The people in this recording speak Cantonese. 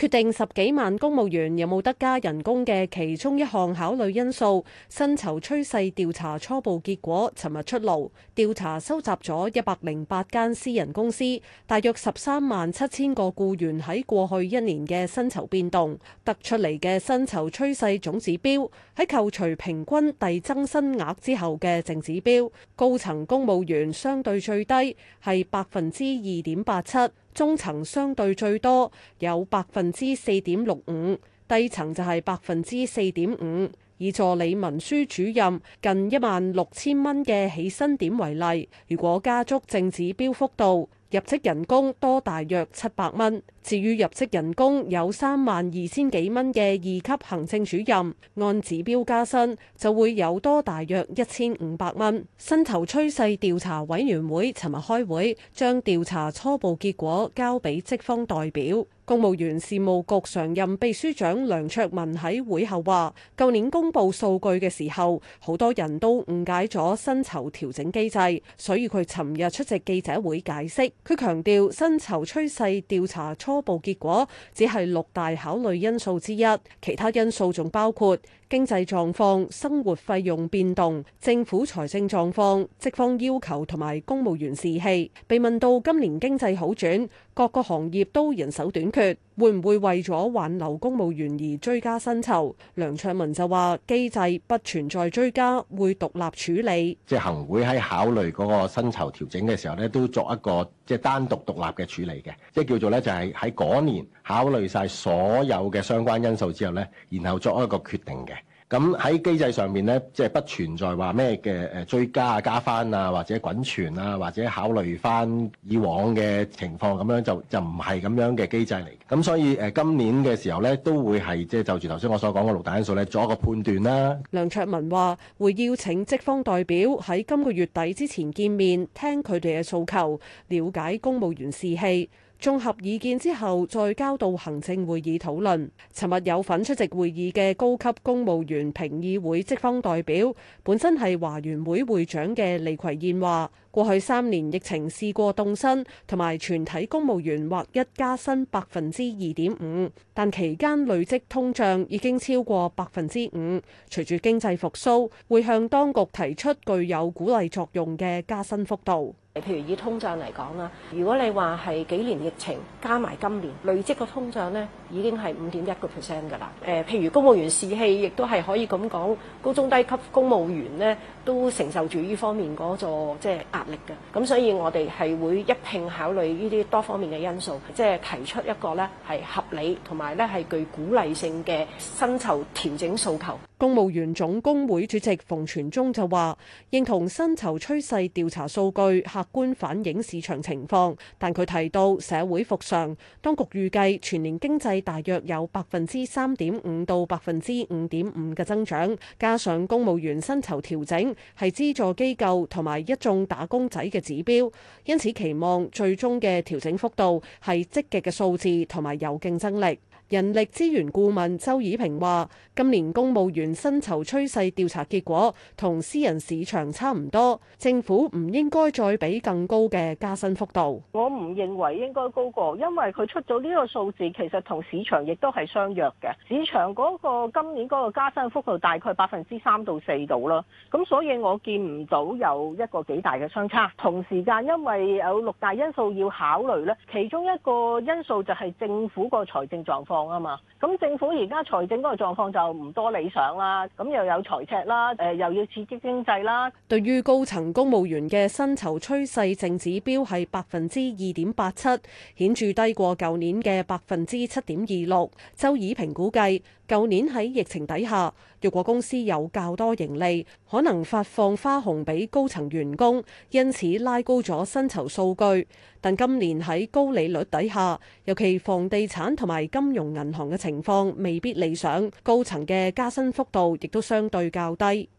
決定十幾萬公務員有冇得加人工嘅其中一項考慮因素，薪酬趨勢調查初步結果尋日出爐。調查收集咗一百零八間私人公司，大約十三萬七千個僱員喺過去一年嘅薪酬變動，得出嚟嘅薪酬趨勢總指標喺扣除平均遞增薪額之後嘅淨指標，高層公務員相對最低係百分之二點八七。中層相對最多，有百分之四點六五，低層就係百分之四點五。以助理文書主任近一萬六千蚊嘅起薪點為例，如果加足正指標幅度，入職人工多大約七百蚊。至於入職人工有三萬二千幾蚊嘅二級行政主任，按指標加薪就會有多大約一千五百蚊。薪酬趨勢調查委員會尋日開會，將調查初步結果交俾職方代表。公務員事務局常任秘書長梁卓文喺會後話，舊年公佈數據嘅時候，好多人都誤解咗薪酬調整機制，所以佢尋日出席記者會解釋。佢強調薪酬趨勢調查初初步結果只係六大考慮因素之一，其他因素仲包括經濟狀況、生活費用變動、政府財政狀況、職方要求同埋公務員士氣。被問到今年經濟好轉，各個行業都人手短缺，會唔會為咗挽留公務員而追加薪酬？梁卓文就話機制不存在追加，會獨立處理。即係行會喺考慮嗰個薪酬調整嘅時候咧，都作一個即係、就是、單獨獨立嘅處理嘅，即、就、係、是、叫做咧就係喺嗰年考慮晒所有嘅相關因素之後咧，然後作一個決定嘅。咁喺機制上面呢，即係不存在話咩嘅誒追加啊、加翻啊，或者滾存啊，或者考慮翻以往嘅情況，咁樣就就唔係咁樣嘅機制嚟。咁所以誒，今年嘅時候呢，都會係即係就住頭先我所講嘅六大因素咧，作一個判斷啦。梁卓文話會邀請職方代表喺今個月底之前見面，聽佢哋嘅訴求，了解公務員士氣。綜合意見之後，再交到行政會議討論。尋日有份出席會議嘅高級公務員評議會職方代表，本身係華員會會長嘅利葵燕話：過去三年疫情試過凍薪，同埋全體公務員獲一加薪百分之二點五，但期間累積通脹已經超過百分之五。隨住經濟復甦，會向當局提出具有鼓勵作用嘅加薪幅度。譬如以通脹嚟講啦，如果你話係幾年疫情加埋今年累積個通脹咧，已經係五點一個 percent 㗎啦。誒，譬如公務員士氣亦都係可以咁講，高中低級公務員咧都承受住呢方面嗰個即係壓力㗎。咁所以我哋係會一並考慮呢啲多方面嘅因素，即係提出一個咧係合理同埋咧係具鼓勵性嘅薪酬調整訴求。公務員總工會主席馮傳忠就話：認同薪酬趨勢調查數據，嚇。官反映市場情況，但佢提到社會復常，當局預計全年經濟大約有百分之三點五到百分之五點五嘅增長，加上公務員薪酬調整係資助機構同埋一眾打工仔嘅指標，因此期望最終嘅調整幅度係積極嘅數字同埋有競爭力。人力資源顧問周以平話：今年公務員薪酬趨勢調查結果同私人市場差唔多，政府唔應該再俾更高嘅加薪幅度。我唔認為應該高過，因為佢出咗呢個數字，其實同市場亦都係相若嘅。市場嗰個今年嗰個加薪幅度大概百分之三到四度啦。咁所以，我見唔到有一個幾大嘅相差。同時間，因為有六大因素要考慮，呢其中一個因素就係政府個財政狀況。啊嘛，咁政府而家財政嗰個狀況就唔多理想啦，咁又有財赤啦，誒又要刺激經濟啦。對於高層公務員嘅薪酬趨勢淨指標係百分之二點八七，顯著低過舊年嘅百分之七點二六。周以平估計，舊年喺疫情底下，若果公司有較多盈利，可能發放花紅俾高層員工，因此拉高咗薪酬數據。但今年喺高利率底下，尤其房地產同埋金融。銀行嘅情況未必理想，高層嘅加薪幅度亦都相對較低。